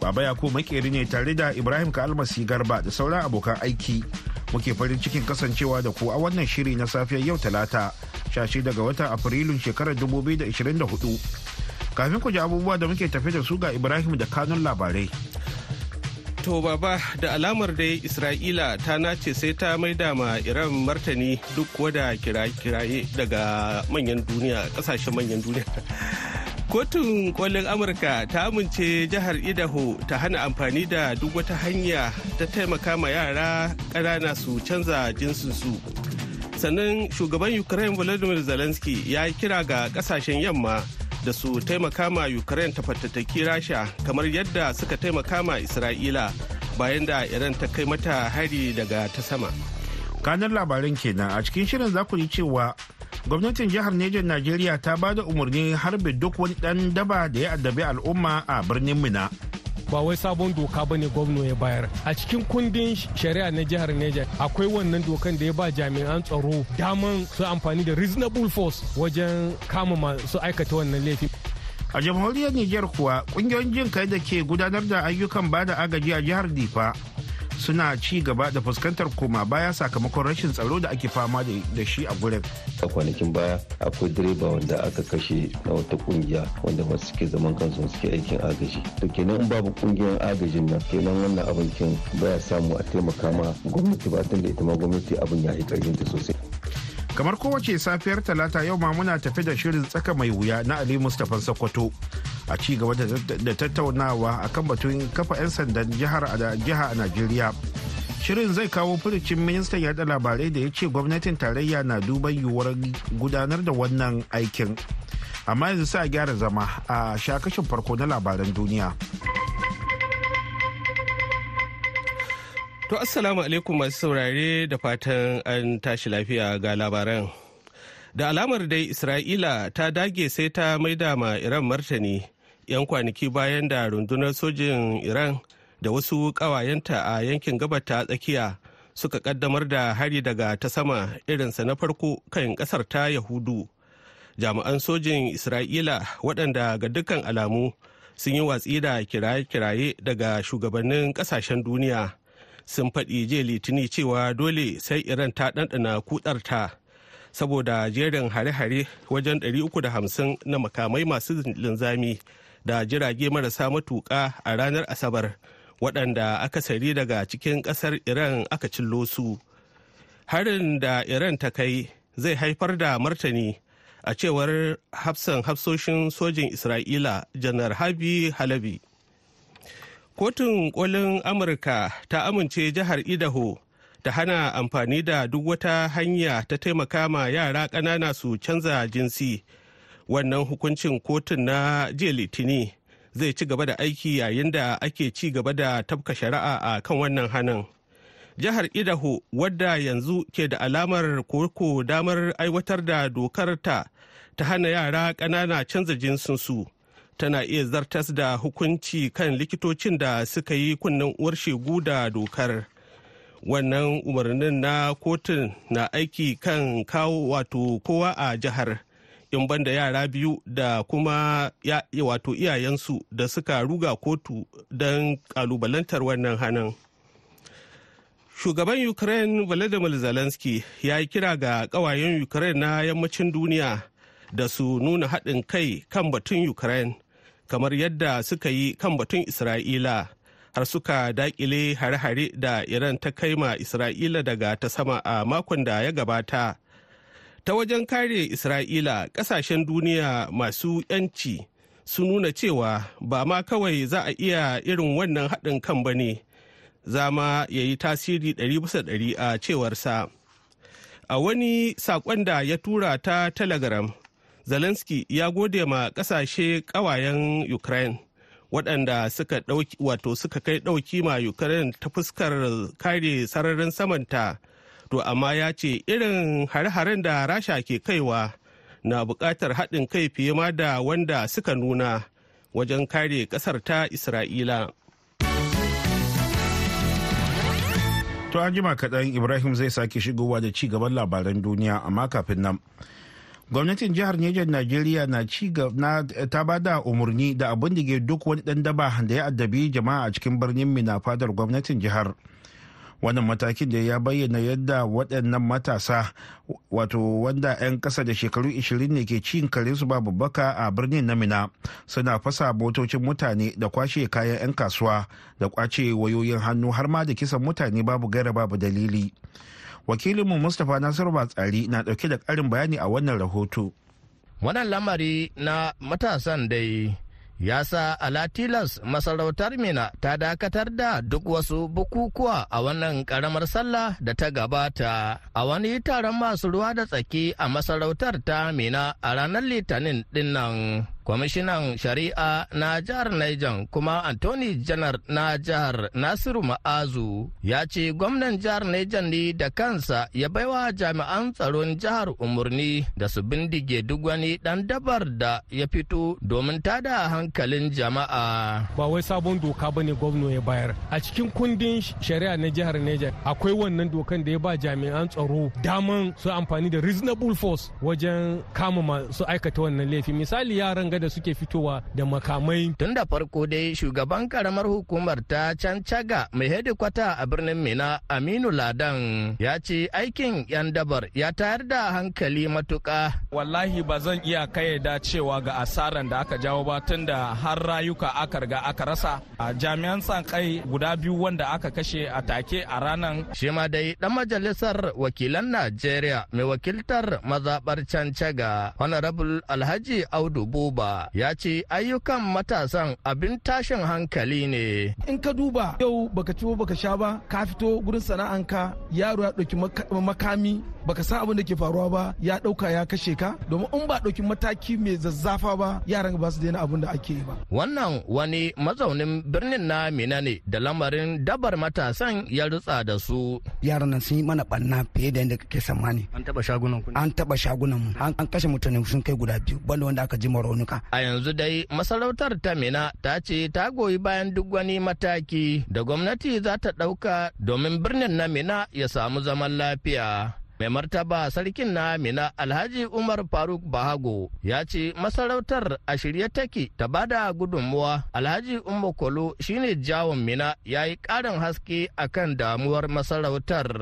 Baba Yako makeri ne tare da Ibrahim Kalmasi Garba da sauran abokan aiki. Muke farin cikin kasancewa da ku a wannan shiri na safiyar yau Talata, shashi daga wata Afrilun shekarar 2024. Kafin ku ji abubuwa da muke tafe da su ga Ibrahim da kanun labarai. To baba da alamar dai Isra'ila ta nace sai ta maida ma Iran martani duk wada kiraye daga manyan duniya kasashen manyan duniya. kotun kolin amurka ta amince jihar idaho ta hana amfani da duk wata hanya ta taimaka ma yara ƙanana su canza jinsinsu sannan shugaban ukraine volodymyr zelensky ya yi kira ga ƙasashen yamma da su taimaka ma ukraine ta fatattaki rasha kamar yadda suka taimaka ma isra'ila bayan da iran ta kai mata hari daga ta sama kanan labarin kenan a cikin shirin za ku cewa gwamnatin jihar Nijar Najeriya ta ba da umarnin harbe duk wani dan daba da ya addabi al'umma a birnin Mina. Ba wai sabon doka ba ne gwamna ya bayar. A cikin kundin shari'a na jihar Nijar akwai wannan dokan da ya ba jami'an tsaro daman su amfani da reasonable force wajen kama masu aikata wannan laifi. A jamhuriyar Nijar kuwa kungiyoyin jin kai da ke gudanar da ayyukan bada agaji a jihar Difa suna ci gaba da fuskantar koma baya sakamakon rashin tsaro da ake fama da shi a gurin. a kwanakin baya akwai direba wanda aka kashe na wata kungiya wanda masu suke zaman kansu suke aikin agaji to kenan in babu kungiyar agajin nan kenan wannan abin kin baya samu a taimaka ma gwamnati ba tun da ita ma gwamnati abin ya yi karfin ta sosai kamar kowace safiyar talata yau ma muna tafi da shirin tsaka mai wuya na ali mustapha sokoto a ci gaba da tattaunawa a kan batun kafa 'yan sandan jihar a najeriya shirin zai kawo furucin ministan yada labarai da ya ce gwamnatin tarayya na duban yiwuwar gudanar da wannan aikin amma yanzu sa gyara zama a shakashin farko na labaran duniya to assalamu alaikum masu saurare da fatan an tashi lafiya ga labaran da alamar dai isra'ila ta dage sai ta maida ma iran martani 'yan kwanaki bayan da rundunar sojin iran da wasu kawayenta a yankin gabata tsakiya suka kaddamar da hari daga ta sama irinsa na farko kan ƙasar ta yahudu jami'an sojin isra'ila waɗanda ga dukkan alamu sun yi watsi da kiraye-kiraye daga shugabannin ƙasashen duniya sun faɗi je litini cewa dole sai iran ta ɗanɗana kudarta saboda jerin hare-hare wajen 350 na makamai masu linzami da jirage marasa matuƙa a ranar asabar waɗanda akasari daga cikin ƙasar iran aka cillo su harin da iran ta kai zai haifar da martani a cewar hafsan hafsoshin sojin isra'ila janar habi halabi kotun kolin amurka ta amince jihar idaho ta hana amfani da duk wata hanya ta taimaka ma yara ƙanana su canza jinsi wannan hukuncin kotun na jiya litini zai ci gaba da aiki yayin da ake ci gaba da tafka shari'a a kan wannan hanin jihar idaho wadda yanzu ke da alamar koko damar aiwatar da dokar ta ta hana yara ƙanana canza jinsinsu tana iya zartas da hukunci kan likitocin da suka yi kunnen uwar shegu da dokar wannan umarnin na kotun na aiki kan kawo wato kowa a jihar in banda yara biyu da kuma ya, wato iyayensu da suka ruga kotu don kalubalantar wannan hannun. Shugaban Ukraine Volodymyr Zelensky ya yi kira ga kawayen Ukraine na yammacin duniya da su nuna haɗin kai kan batun Ukraine kamar yadda suka yi kan batun Isra'ila har suka daƙile hare-hare da Iran ta kai ma Isra'ila daga ta sama a makon da ya gabata. ta wajen kare isra'ila kasashen duniya masu 'yanci su nuna cewa ba ma kawai za a iya irin wannan haɗin kan ba ne za ma ya yi tasiri ɗari bisa ɗari a cewarsa a wani saƙon da ya tura ta telegram zelensky ya gode ma ƙasashe ƙawayen ukraine waɗanda suka wato suka kai ɗauki ma ukraine ta fuskar kare sararin samanta to amma ya ce irin hare-haren da rasha ke kaiwa na buƙatar haɗin kai fiye ma da wanda suka nuna wajen kare ƙasar ta isra'ila to an jima kaɗan ibrahim zai sake shigowa da ci gaban labaran duniya amma kafin nan gwamnatin jihar Nijar Najeriya na ci ta ba da umarni da abin da ke duk wani dan daba da ya addabi jama'a a cikin birnin Mina fadar gwamnatin jihar wannan matakin da ya bayyana yadda waɗannan matasa wato wanda 'yan ƙasa da shekaru 20 ne ke cin kare su babu baka a birnin namina suna fasa motocin mutane da kwashe kayan 'yan kasuwa da kwace wayoyin hannu har ma da kisan mutane babu gaira babu dalili wakilinmu mustapha nasiru tsari na ɗauke da ƙarin bayani a wannan rahoto wannan lamari na matasan dai ya sa alatilas masarautar mina ta dakatar da duk wasu bukukuwa a wannan karamar sallah da ta gabata a wani taron masu ruwa da tsaki a masarautar ta mina a ranar litinin dinnan. kwamishinan shari'a na jihar Niger kuma Anthony janar na jihar Nasiru Ma'azu ya ce gwamnan jihar Niger ne da kansa ya baiwa jami'an tsaron jihar umarni da su bindige duk wani dan dabar da ya fito domin tada hankalin jama'a. Ba wai sabon doka ba ne gwamna ya bayar. A cikin kundin shari'a na jihar Niger akwai wannan dokan da ya ba jami'an tsaro daman su amfani da reasonable force wajen kama masu aikata wannan laifi. Misali yaran da suke fitowa da makamai. Tun da farko dai shugaban karamar hukumar ta Cancaga mai hedikwata a birnin Mina Aminu Ladan ya ce aikin 'yan dabar ya tayar da hankali matuka. Wallahi ba zan iya kayyada cewa ga asaran da aka jawo ba tun da har rayuka aka riga aka rasa a jami'an san kai guda biyu wanda aka kashe a take a ranar. Shi ma dai dan majalisar wakilan Najeriya mai wakiltar mazaɓar Cancaga Honorable Alhaji Audu Buba ya ce ayyukan matasan abin tashin hankali ne. In ka duba yau baka ci baka sha ba ka fito gurin sana'anka yaro ya ɗauki makami baka san abin da ke faruwa ba ya dauka ya kashe ka domin in ba dauki mataki mai zazzafa ba yaran ba su daina abin da ake yi ba wannan wani mazaunin birnin na mina ne da lamarin dabar matasan ya rutsa da su yaran nan sun yi mana banna fiye da yadda kake tsammani an taba shagunan ku an taba shagunan mu an kashe mutane sun kai guda biyu banda wanda aka ji raunuka a yanzu dai masarautar ta mina ta ce ta goyi bayan duk wani mataki da gwamnati za ta dauka domin birnin na mina ya samu zaman lafiya mai martaba sarkin na mina alhaji umar faruk bahago ya ce masarautar a shirye take ta ba da gudunmuwa alhaji umar kolo shine jawon mina ya yi karin haske akan damuwar masarautar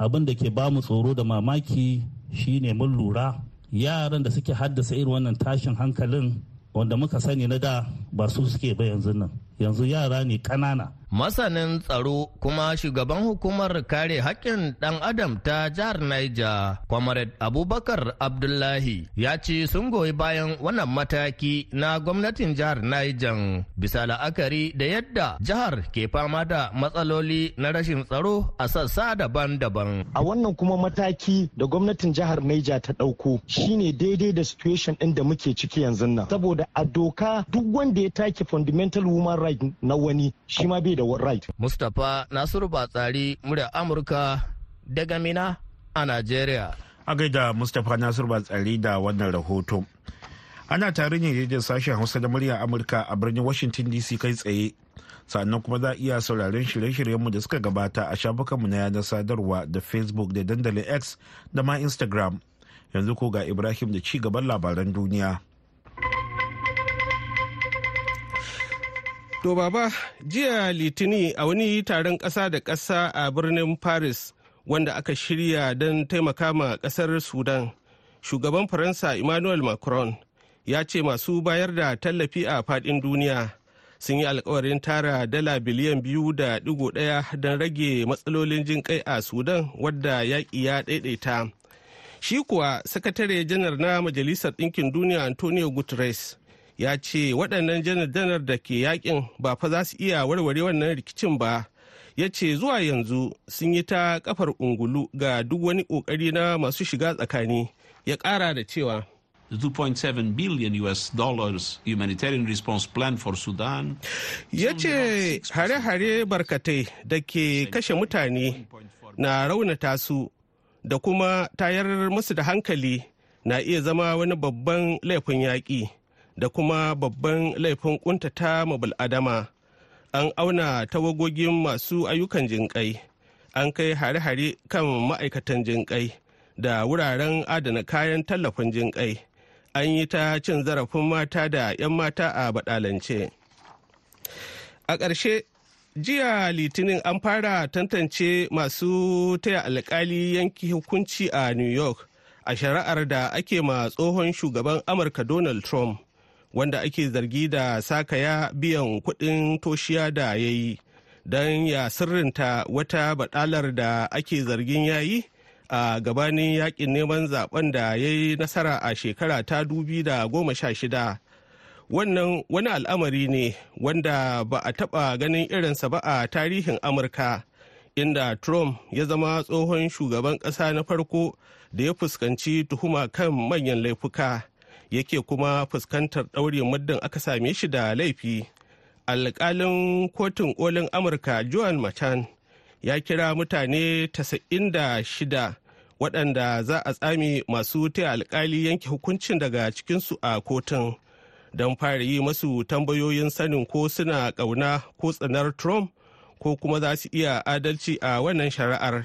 abin da ke ba mu tsoro da mamaki shine mun lura yaran da suke haddasa irin wannan tashin hankalin wanda muka sani na da ba su suke ba yanzu nan yanzu yara ne ƙanana. Masanin tsaro kuma shugaban hukumar kare hakkin ɗan adam ta jihar Naija, Comrade Abubakar Abdullahi ya ce sun goyi bayan wannan mataki na gwamnatin jihar Niger bisa la'akari da yadda jihar ke fama da matsaloli na rashin tsaro a sassa daban-daban. A wannan kuma mataki da gwamnatin jihar Niger ta ɗauko shine daidai da situation ɗin da muke ciki yanzu nan. Saboda a doka duk wanda ya take fundamental human right na wani shi ma bai da right. Mustapha Nasiru Batsari murya Amurka daga Mina a Najeriya. A gaida Mustapha Nasiru Batsari da wannan rahoto. Ana tare ne da sashen Hausa da murya Amurka a birnin Washington DC kai tsaye. sannan kuma za a iya sauraron shirye-shiryenmu da suka gabata a shafukanmu na yanar sadarwa da facebook da dandalin x da ma instagram yanzu ko ga ibrahim da ci gaban labaran duniya. To baba, jiya Litini a wani taron ƙasa da ƙasa a birnin Paris wanda aka shirya don taimaka ma ƙasar Sudan, shugaban Faransa Emmanuel Macron ya ce masu bayar da tallafi a faɗin duniya sun yi alkawarin tara dala biliyan biyu da ɗigo ɗaya don rage matsalolin jin kai a Sudan wadda yaƙi ya ɗaiɗaita. Shi kuwa sakatare janar na Majalisar Ɗinkin Duniya Antonio Guterres ya ce waɗannan janar-janar da ke yakin ba fa za su iya warware wannan rikicin ba ya ce zuwa yanzu sun yi ta kafar ungulu ga duk wani ƙoƙari na masu shiga tsakani ya ƙara da cewa 2.7 billion US dollars humanitarian response plan for Sudan. Ya ce hare-hare barkatai da ke kashe mutane na raunata su da kuma tayar musu da hankali na iya zama wani babban laifin yaƙi. da kuma babban laifin kuntata ma bil'adama an auna tawagogin masu ayyukan jinƙai an kai hare-hare kan ma'aikatan jinƙai da wuraren adana kayan tallafin jinƙai an yi ta cin zarafin mata da 'yan mata a baɗalance a ƙarshe jiya litinin an fara tantance masu taya alkali yanki hukunci a new york a shari'ar da ake ma tsohon shugaban amurka donald trump wanda ake zargi da sakaya biyan kuɗin toshiya da ya yi don ya sirrinta wata baɗalar da ake zargin ya yi a gabanin yakin neman zaben da ya yi nasara a shekara ta shida wannan wani al'amari ne wanda ba a taɓa ganin irinsa ba a tarihin amurka inda trump ya zama tsohon shugaban ƙasa na farko da ya fuskanci tuhuma kan manyan laifuka. yake kuma fuskantar ɗaurin muddin aka same shi da laifi alƙalin kotun kolin amurka joan machan ya kira mutane 96 waɗanda za a tsami masu taya alkali yanke hukuncin daga cikinsu a kotun don fara yi masu tambayoyin sanin ko suna ƙauna ko tsanar trump ko kuma za su iya adalci a wannan shari'ar.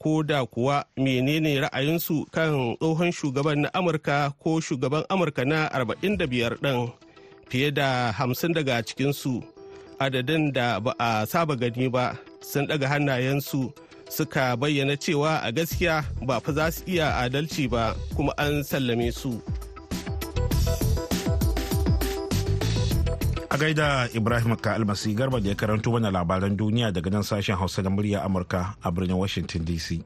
ko da kuwa menene ra'ayinsu kan tsohon shugaban na amurka ko shugaban amurka na 45 ɗin fiye da 50 daga cikinsu adadin da ba a saba gani ba sun ɗaga hannayensu suka bayyana cewa a gaskiya ba fa za su iya adalci ba kuma an sallame su. a gaida ibrahim ka almasi garba da ya karanto mana labaran duniya daga nan sashen hausa da murya amurka a birnin washington dc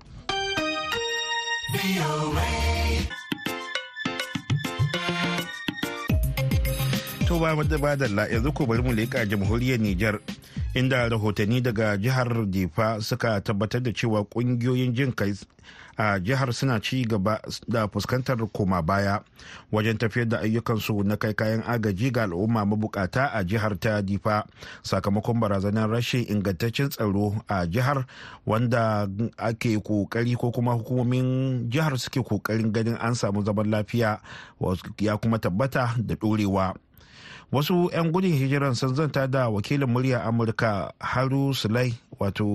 to ba da yanzu ko bari mu leƙa jamhuriyar niger inda rahotanni daga jihar difa suka tabbatar da cewa kungiyoyin jin kai a jihar suna ci gaba da fuskantar koma baya wajen tafiyar da ayyukansu na kai kayan agaji ga al'umma mabukata a jihar ta difa sakamakon barazanar rashin ingantaccen tsaro a jihar wanda ake kokari ko kuma hukumomin jihar suke kokarin ganin an samu zaman lafiya ya kuma tabbata da ɗorewa. wasu 'yan gudun hijiran sun zanta da wakilin murya amurka haru sulai wato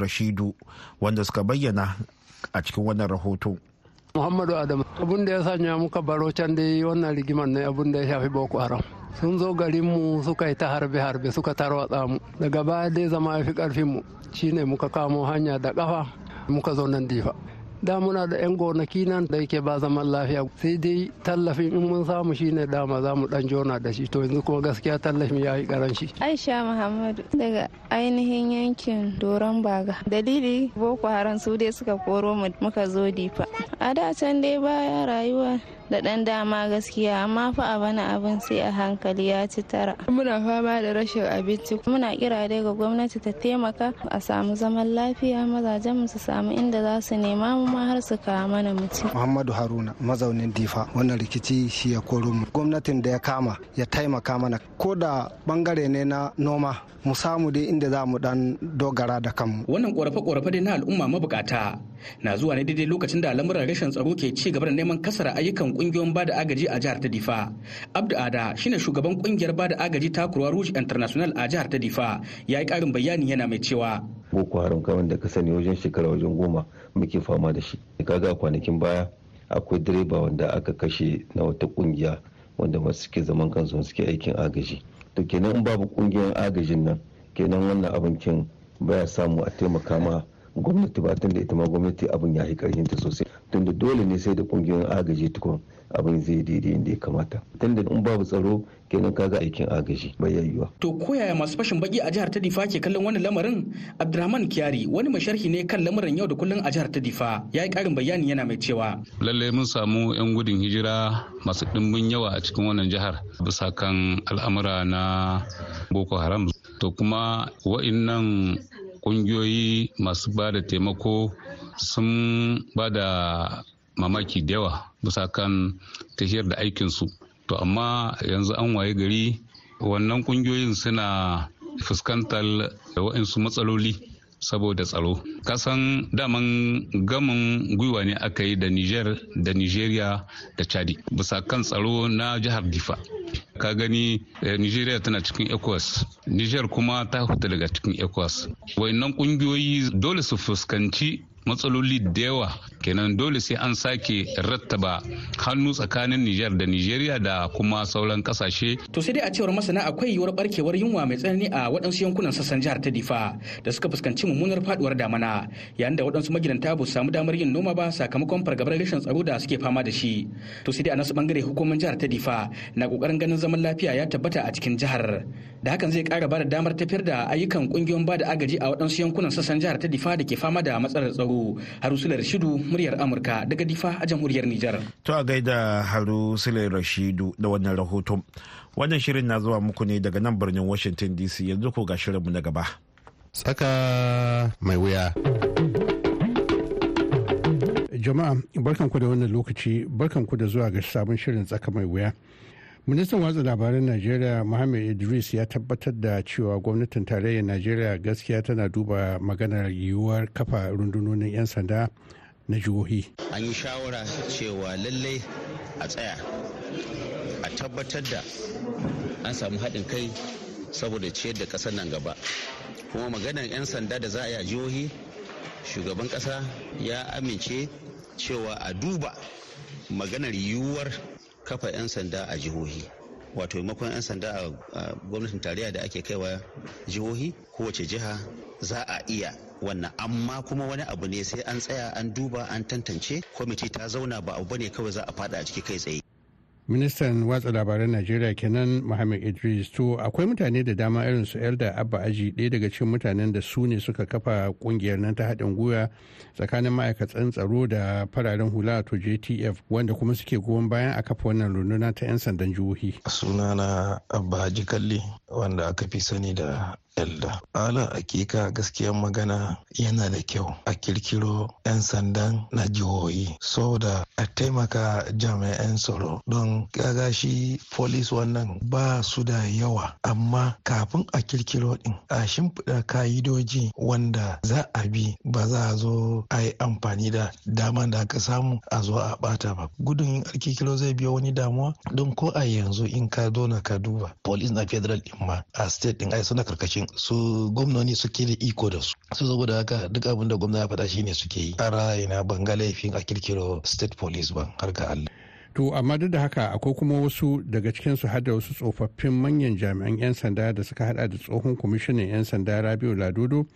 rashidu wanda suka bayyana a cikin wannan rahoto muhammadu adamu abin da ya sanya muka baro can dai wannan rigimar ne abin da ya shafi boko haram sun zo garinmu suka yi ta harbe-harbe suka tarwatsa mu daga baya dai zama ya fi karfinmu shine muka kamo hanya da kafa muka zo nan difa da muna da yan gonaki nan da yake ba zaman lafiya sai dai tallafin in mun samu shine dama za mu dan jona da shi to yanzu kuma gaskiya tallafin ya yi karanci aisha muhammadu daga ainihin yankin doron baga dalili boko haram su dai suka koro mu muka zo difa a da can dai baya rayuwa da ɗan dama gaskiya amma fa a bana abin sai a hankali ya ci tara. Muna fama da rashin abinci muna kira dai ga gwamnati ta taimaka a samu zaman lafiya mazajen mu su samu inda za su nema mu ma har su kawo mana mu Muhammadu Haruna mazaunin Difa wannan rikici shi ya koro mu. Gwamnatin da ya kama ya taimaka mana ko da bangare ne na noma mu samu dai inda za mu dan dogara da kanmu. Wannan korafe-korafe dai na al'umma mabukata na zuwa ne daidai lokacin da lamuran rashin tsaro ke ci gaba da neman kasara ayyukan kungiyoyin bada agaji a jihar ta Difa. Abdu Ada shine shugaban kungiyar bada agaji ta Kurwa Rouge International a jihar ta Difa ya yi karin bayani yana mai cewa. Boko Haram kamar da ka sani wajen shekara wajen goma muke fama da shi. Kaga kwanakin baya akwai direba wanda aka kashe na wata kungiya wanda masu suke zaman kansu suke aikin agaji. to kenan in babu kungiyar agajin nan kenan wannan abin kin baya samu a taimaka ma gwamnati ba tun da ita ma gwamnati abin ya yi karhinta sosai tunda dole ne sai da kungiyar agaji tukun abin zai daidai inda ya kamata tunda in babu tsaro kenan kaga aikin agaji bai yayyuwa to koyaya masu fashin baki a jihar ta difa ke kallon wannan lamarin abdurrahman kyari wani mai sharhi ne kan lamarin yau da kullun a jihar ta difa ya yi karin bayani yana mai cewa lallai mun samu yan gudun hijira masu dimbin yawa a cikin wannan jihar bisa kan al'amura na boko haram to kuma wa'innan kungiyoyi masu ba da taimako sun ba da mamaki da yawa bisa kan tafiyar da aikinsu to amma yanzu an waye gari wannan kungiyoyin suna fuskantar waɗansu matsaloli saboda tsaro kasan daman gamin gwiwa ne aka yi da Nijar da nigeria da chadi bisa kan tsaro na jihar difa ka gani eh, nigeria tana cikin ecowas Nijar kuma ta huta daga cikin ecowas wayannan kungiyoyi dole su fuskanci matsaloli da yawa kenan dole sai an sake rattaba hannu tsakanin Nijar da Nijeriya da kuma sauran kasashe. To sai dai a cewar masana akwai yiwuwar barkewar yunwa mai tsanani a waɗansu yankunan sassan jihar ta Difa da suka fuskanci mummunar faduwar damana yayin da waɗansu magidanta ba samu damar yin noma ba sakamakon fargabar rashin tsaro da suke fama da shi. To sai dai a nasu bangare hukumar jihar ta Difa na kokarin ganin zaman lafiya ya tabbata a cikin jihar. Da hakan zai kara bada damar tafiyar da ayyukan kungiyoyin bada agaji a waɗansu yankunan sassan jihar ta Difa da ke fama da matsalar tsaro. Harusula Rashidu muryar Amurka daga Difa a jamhuriyar Nijar. To a gaida Harusula Rashidu da wannan rahoton. Wannan shirin na zuwa muku ne daga nan birnin Washington DC yanzu ko ga shirinmu na gaba. Tsaka mai wuya. Jama'a barkanku da wannan lokaci ku da zuwa ga sabon shirin tsaka mai wuya. ministan watsa labaran najeriya muhammad idris ya tabbatar da cewa gwamnatin tarayyar najeriya gaskiya tana duba maganar yiwuwar kafa rundunonin 'yan sanda na jihohi an yi shawara cewa lallai a tsaya a tabbatar da an samu haɗin kai saboda ciyar da ƙasar nan gaba kuma maganar 'yan sanda da za a yi a jihohi shugaban ƙasa ya amince cewa a duba maganar yiwuwar kafa 'yan sanda a jihohi wato maimakon 'yan sanda a gwamnatin tarayya da ake kaiwa jihohi kowace jiha za a iya wannan amma kuma wani abu ne sai an tsaya an duba an tantance kwamiti ta zauna ba abu ne kawai za a fada a ciki kai tsaye ministan watsa labaran najeriya kenan muhammad idris to akwai mutane da dama irin su elda abba aji ɗaya daga cikin mutanen da su ne suka kafa kungiyar nan ta haɗin gwiwa tsakanin ma'aikatan tsaro da fararen hula to jtf wanda kuma suke goyon bayan a kafa wannan runduna ta 'yan sandan jihohi sunana abba aji kalli wanda aka fi sani da yalla ala hakika gaskiyar magana yana da kyau a kirkiro 'yan sandan na jihohi saboda a taimaka jami'an tsaro don kaga shi polis wannan ba su da yawa amma kafin a kirkiro din a shimfiɗa ka'idoji wanda za a bi ba za a zo a yi amfani da dama da aka samu a zo a bata ba gudun kirkiro zai biyo wani damuwa don ko a yanzu in ka zo na ka duba polis na federal din ma a state din ai suna karkashin din su gwamnoni suke da iko da su su saboda haka duk abin da gwamna ya faɗa shine suke yi tsara ban ga laifin a kirkiro state police ban har ga Allah To amma duk da haka akwai kuma wasu daga cikinsu su da wasu tsofaffin manyan jami'an 'yan sanda da suka hada da tsohon kwamishinan 'yan sanda Rabiu Ladodo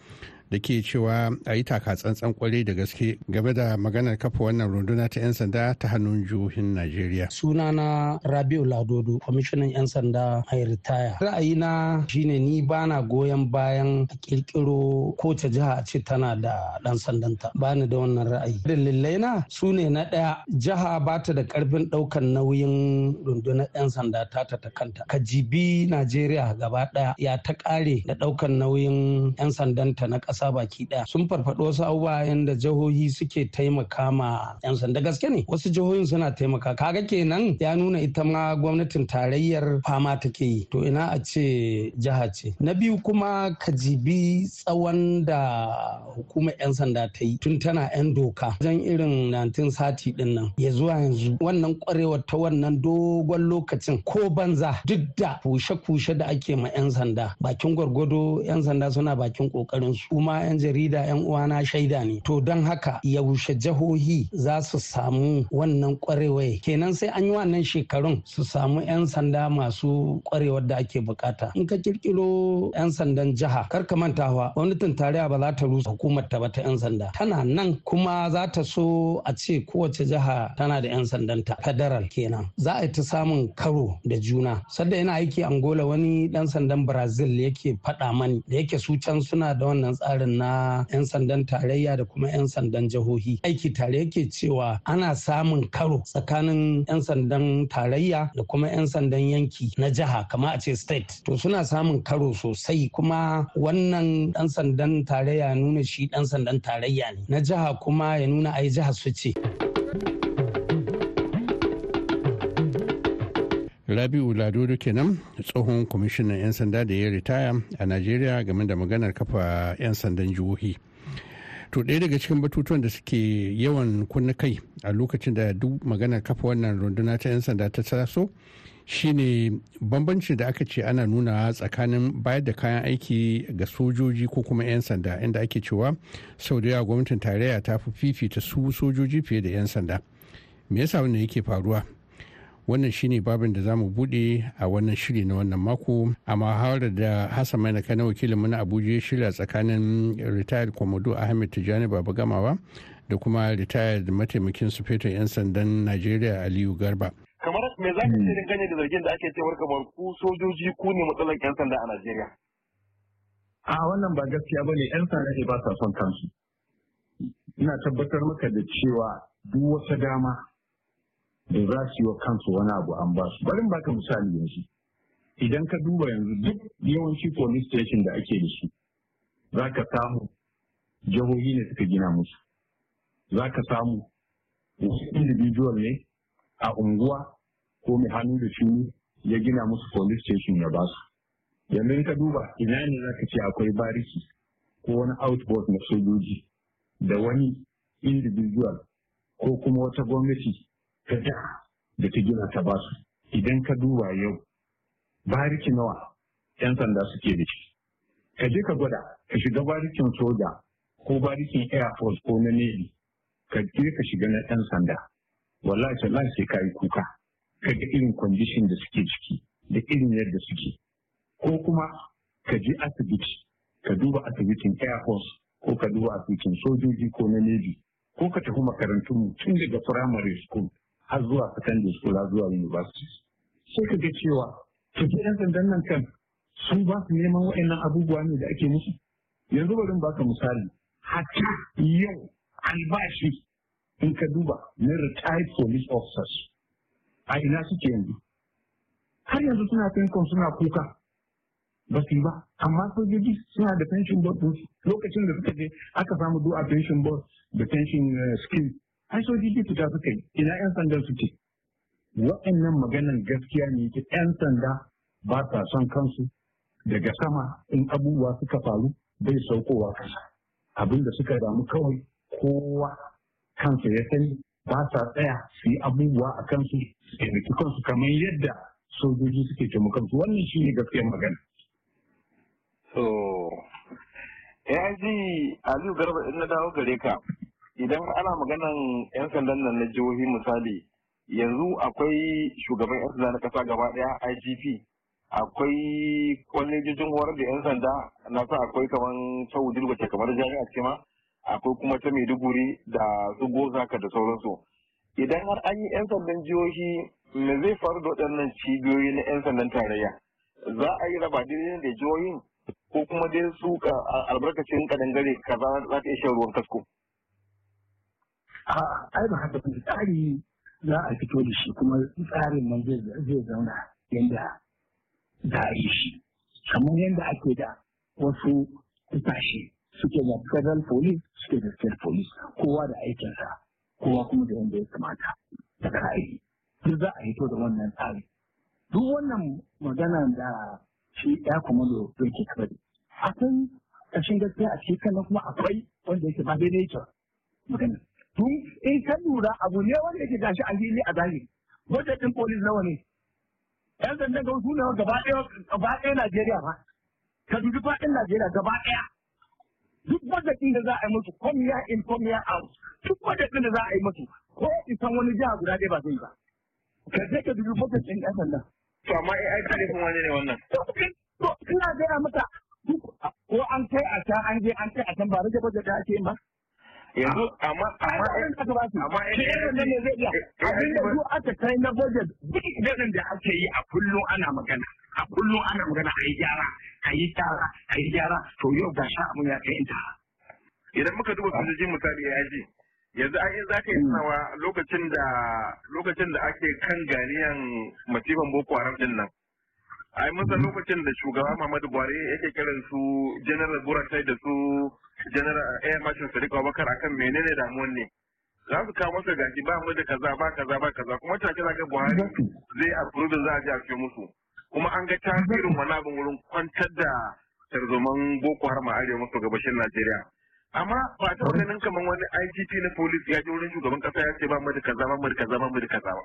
da ke cewa a yi taka tsantsan kwarai da gaske game da maganar kafa wannan runduna ta 'yan sanda ta hannun jihohin Najeriya. Sunana Rabiu Ladodo, kwamishinan 'yan sanda mai ritaya. Ra'ayina shine ni bana goyon bayan a kirkiro ko ta jiha a ce tana da dan sandanta. Bani da wannan ra'ayi. Dalilai na su ne na ɗaya jiha ba ta da karfin ɗaukan nauyin rundunar 'yan sanda ta ta ta kanta. Ka jibi Najeriya gaba ɗaya ya ta ƙare da ɗaukan nauyin 'yan sandanta na ƙasa. kasa baki ɗaya sun farfado wasu abubuwa yadda jihohi suke taimaka ma 'yan sanda gaske ne wasu jihohin suna taimaka kaga kenan ya nuna ita ma gwamnatin tarayyar fama take yi to ina a ce jiha ce na biyu kuma ka jibi tsawon da hukumar 'yan sanda ta yi tun tana 'yan doka wajen irin nantin sati din nan ya zuwa yanzu wannan kwarewar ta wannan dogon lokacin ko banza duk da kushe-kushe da ake ma 'yan sanda bakin gwargwado 'yan sanda suna bakin kokarin su kuma 'yan jarida 'yan uwana shaida ne to don haka yaushe jihohi za su samu wannan kwarewai kenan sai an yi wannan shekarun su samu 'yan sanda masu kwarewar da ake bukata in ka kirkiro 'yan sandan jiha kar ka mantawa gwamnatin tarayya ba za ta rusa hukumar ta ba ta 'yan sanda tana nan kuma za ta so a ce kowace jiha tana da 'yan sandan ta federal kenan za a yi ta samun karo da juna sadda yana aiki angola wani dan sandan brazil yake faɗa mani da yake su can suna da wannan tsari tsarin na 'yan sandan tarayya da kuma 'yan sandan jihohi aiki tare yake cewa ana samun karo tsakanin 'yan sandan tarayya da kuma 'yan sandan yanki na jiha kamar a ce state to suna samun karo sosai kuma wannan dan sandan tarayya nuna shi dan sandan tarayya ne na jiha kuma ya nuna ai jiha su ce. rabi'u ladodo kenan tsohon kwamishinan 'yan sanda da ya ritaya a najeriya game da maganar kafa 'yan sandan jihohi to ɗaya daga cikin batutuwan da suke yawan kunna kai a lokacin da duk maganar kafa wannan runduna ta 'yan sanda ta taso shine bambanci da aka ce ana nuna tsakanin bayar da kayan aiki ga sojoji ko kuma 'yan sanda inda ake cewa sau da yawa gwamnatin tarayya ta fi fifita su sojoji fiye da 'yan sanda me yasa wannan yake faruwa wannan shine babin da zamu bude a wannan shiri na wannan mako amma hawara da hassan mai na wakilin mu na abuja ya shirya tsakanin retired komodo ahmed tijjani baba gamawa da kuma retired mataimakin su fetur yan sandan najeriya aliyu garba kamar me za ka ce hmm. gane da zargin da ake cewar kamar ku sojoji ku ne matsalar yan sanda a najeriya a wannan ba gaskiya bane yan sanda ne ba sa son kansu ina tabbatar maka da cewa duk wata dama da za su yi wa kansu wani abu an ba su barin baka misali yanzu idan ka duba yanzu duk yawanci police station da ake da shi za ka samu jihohi ne suka gina musu za ka samu individual ne a unguwa ko mai hannu da shuni ya gina musu police station ya ba su yanzu ka duba ina ne za ka ce akwai bariki ko wani outboard na sojoji da wani individual ko kuma wata gwamnati ta da da ta gina ta basu idan ka duba yau bariki nawa yan sanda suke da shi ka je ka gwada ka shiga barikin soja ko barikin air force ko na navy ka je ka shiga na yan sanda wallahi wallahi sai kai kuka ka ga irin kwandishin da suke ciki da irin yadda suke ko kuma ka je asibiti ka duba asibitin air force ko ka duba asibitin sojoji ko na navy ko ka tafi makarantun tun daga primary school har zuwa secondary school har zuwa university sai ka ga cewa tafi yan sandan nan kan sun ba su neman wa'annan abubuwa ne da ake musu yanzu bari in baka misali hatta yau albashi in ka duba na retired police officers a ina suke yanzu har yanzu suna fenkon suna kuka ba su ba amma sojoji suna da pension board lokacin da suka je aka samu du'a pension board da pension eh, scheme ai sojoji fita suka yi ina yan sandan suke wa'annan maganan gaskiya ne ke yan sanda ba sa son kansu daga sama in abubuwa suka faru bai saukowa kasa abin da suka damu kawai kowa kansa ya sani ba sa tsaya su yi abubuwa a kansu su taimaki kansu kamar yadda sojoji suke taimakon kansu wannan shi ne gaskiyar magana. So, ji Aliyu Garba in na dawo gare ka, idan ana maganan 'yan sandan nan na jihohi misali yanzu akwai shugaban 'yan sanda na kasa gaba daya igp akwai kwallejojin horar da 'yan sanda na sa akwai kamar sau dirgwace kamar jami'a ce ma akwai kuma ta maiduguri da su gozaka da sauransu idan har an yi 'yan sandan jihohi me zai faru da waɗannan cibiyoyi na 'yan sandan tarayya za a yi raba daidai da jihohin ko kuma dai su albarkacin kadangare kaza za ta iya shan ruwan kasko. A'a, ai ba haka tsari za a fito da shi kuma tsarin nan zai zauna yadda za a yi shi. Kamar yadda ake da wasu kasashe suke da federal police suke da state police kowa da aikinsa kowa kuma da yadda ya kamata da ra'ayi. Duk za a hito da wannan tsari. Duk wannan magana da shi ya kuma da yake kabari. A ƙarshen gaskiya a cikin kuma akwai wanda yake ba daidai kyau. tun in ka lura abu ne wanda yake gashi a fili a zahiri budget din police nawa ne yan sanda ga su ne gaba ɗaya Najeriya ba ka dubi faɗin Najeriya gaba ɗaya duk budget da za a yi musu come here in come here out duk budget da za a yi musu ko isan wani jiha guda ɗaya ba zai ba ka je ka dubi budget din yan sanda. to amma ai tarifin wani ne wannan to ina gaya mata ko an kai a can an je an kai a can ba rage budget da ake yin ba yanzu amma amma eh, amma eh, eh, abin da zuwa aka kai na budget duk irin da aka yi a kullum ana magana a kullum ana magana a yi gyara a yi gyara a yi gyara to yau ga sha abin ya kai ta idan muka duba sojoji misali ya ji yanzu ai za ka yi nawa hmm. lokacin da lokacin da ake kan ganiyan masifan boko haram din nan ai masa lokacin da shugaba Muhammadu Buhari yake kiran su General Buratai da su General Air eh, Marshal Sadiq Abubakar akan menene damuwan ne za su kawo masa gaji ba mu da kaza ba kaza ba kaza kuma take za ga Buhari zai approve za a ji a ce musu kuma an ga tasirin wani abin wurin kwantar da tarzoman Boko Haram a arewa maso gabashin Najeriya amma ba ta ganin kamar wani IGP na police ya je wurin shugaban kasa ya ce ba mu da kaza ba mu da kaza ba mu da kaza ba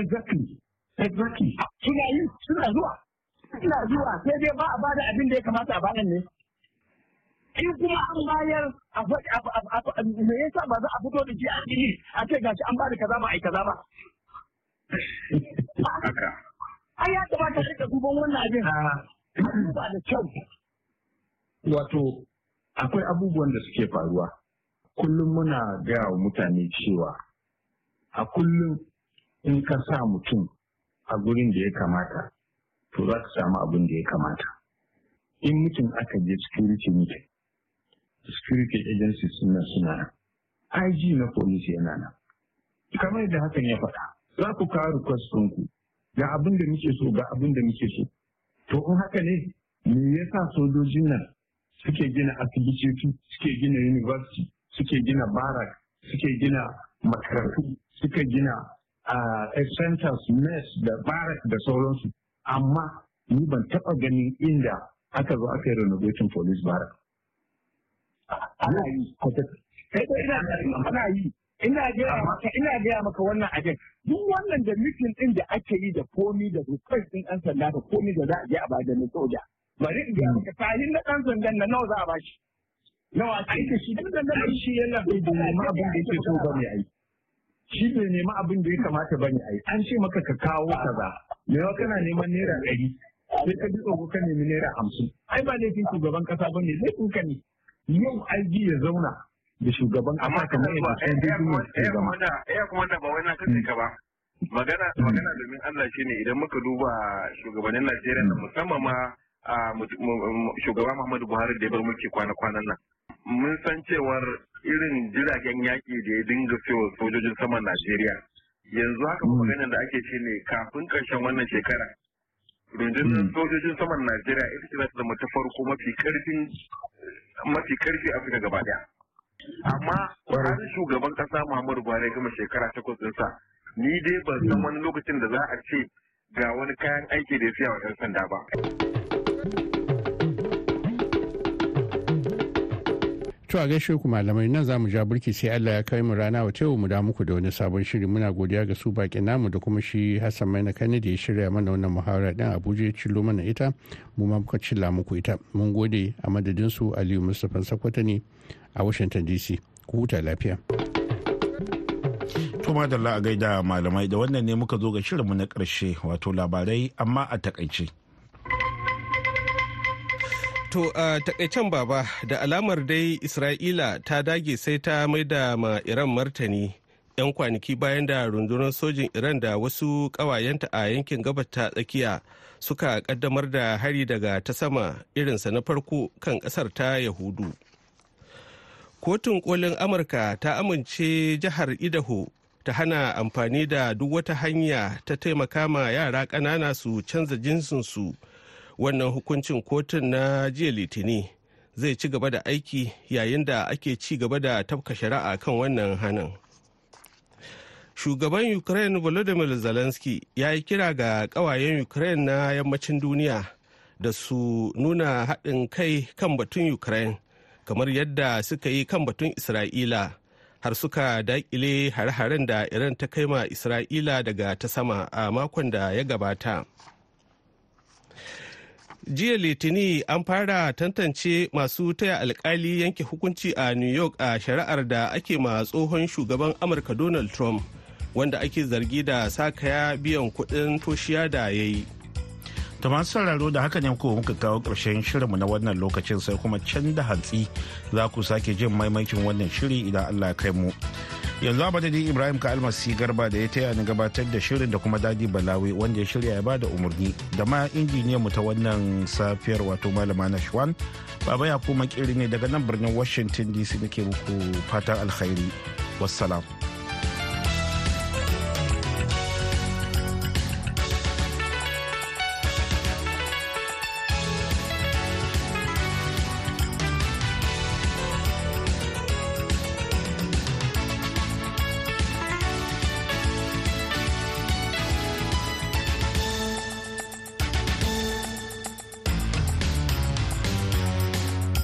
exactly exactly suna yi suna zuwa suna zuwa sai dai ba a bada abin da ya kamata a bayan ne in kuma an bayar a me yasa ba za a fito da shi a fili a ce gashi an bada kaza ba ai kaza ba ai ya kamata ka rika duban wannan abin ah. ba da kyau wato akwai abubuwan da suke faruwa kullum muna gaya wa mutane cewa a kullum in ka sa mutum a gurin da ya kamata to za ka samu abin da ya kamata in mutum aka je security meeting security agencies suna suna IG na police yana nan kamar da hakan ya faɗa za ku kawo request ku ga abin da muke so ga abin da muke so to in haka ne me yasa sojojin nan suke gina asibitoci suke gina university suke gina barak suke gina makarantu suke gina centers ah, mess da barak da sauransu amma ni ban taɓa ganin inda aka zo aka yi renovating police barak ana yi ana yi ina gaya maka ina gaya maka wannan ajin duk wannan da mutum din da ake yi da komi da request din an sanda da komi da za a je a ba da na soja bari in gaya maka tahin na dan sandan na nawa za a ba shi? nawa ake shi dan sandan shi yana bai da ma abin da yake so ba mai aiki shi bai nema abin da ya kamata bane ai an ce maka ka kawo kaza Mai yawa kana neman naira ɗari sai ka ji tsoro ka nemi naira hamsin ai ba laifin shugaban kasa bane laifin ka ne yau aiki ya zauna da shugaban kasa kamar yadda kan dai duniya ya zama kuma da ba wani ka ba Allah shine idan muka duba Najeriya musamman ma ah, shugaba Muhammadu Buhari da ya bar mulki kwanan nan mun san cewar irin jiragen yaƙi da ya dinga cewa sojojin saman Najeriya. Yanzu haka mm. maganar da ake shi ne kafin ƙarshen wannan shekara. Rundunar mm. sojojin saman Najeriya ita ce za ta zama ta farko mafi ƙarfin mafi ƙarfi Afirka gaba ɗaya. Amma ƙwararren shugaban ƙasa Muhammadu Buhari gama shekara takwas ɗinsa ni dai ban san mm. wani lokacin da za a ce ga wani kayan aiki da ya siya wa 'yan sanda ba. To a gaishe ku malamai nan zamu ja burki sai Allah ya kai mu rana wa tewu mu da muku da wani sabon shiri muna godiya ga su baki namu da kuma shi Hassan Maina da ya shirya mana wannan muhawara din Abuja ya cillo mana ita mu ma muka cilla muku ita. Mun gode a madadin su Aliyu Mustapha Sakwata ne a Washington DC. Ku huta lafiya. To madalla a gaida malamai da wannan ne muka zo ga shirinmu na karshe wato labarai amma a takaice. To a takaicen baba da alamar dai Isra'ila ta dage sai ta maida ma Iran martani 'yan kwanaki bayan da rundunar sojin Iran da wasu ƙawayenta a yankin gabas ta tsakiya suka kaddamar da hari daga ta sama irinsa na farko kan ƙasar ta Yahudu. Kotun kolin Amurka ta amince jihar Idaho ta hana amfani da duk wata hanya ta taimaka ma yara ƙanana su canza jinsinsu. su wannan hukuncin kotun na jiya litini zai ci gaba da aiki yayin da ake ci gaba da tafka shari'a kan wannan hanin shugaban ukraine volodymyr zelensky ya yi kira ga kawayen ukraine na yammacin duniya da su nuna haɗin kai kan batun ukraine kamar yadda suka yi kan batun isra'ila har suka daƙile har haren da iran ta kai ma isra'ila daga ta sama a makon da ya gabata jiya litini an fara tantance masu taya alkali yanke hukunci a new york a shari'ar da ake ma tsohon shugaban amurka donald trump wanda ake zargi da sakaya biyan kudin toshiya da ya yi ta masu sauraro da haka ne ko muka kawo ƙarshen shirinmu na wannan lokacin sai kuma can da hantsi za ku sake jin maimakin wannan shiri idan allah kai mu yanzu a madadin ibrahim ka almasi garba da ya taya ni gabatar da shirin da kuma dadi balawi wanda ya shirya ya bada umarni da ma injiniya mu ta wannan safiyar wato malama na shwan baba ya kuma kiri ne daga nan birnin washington dc nake muku fatan alkhairi wassalam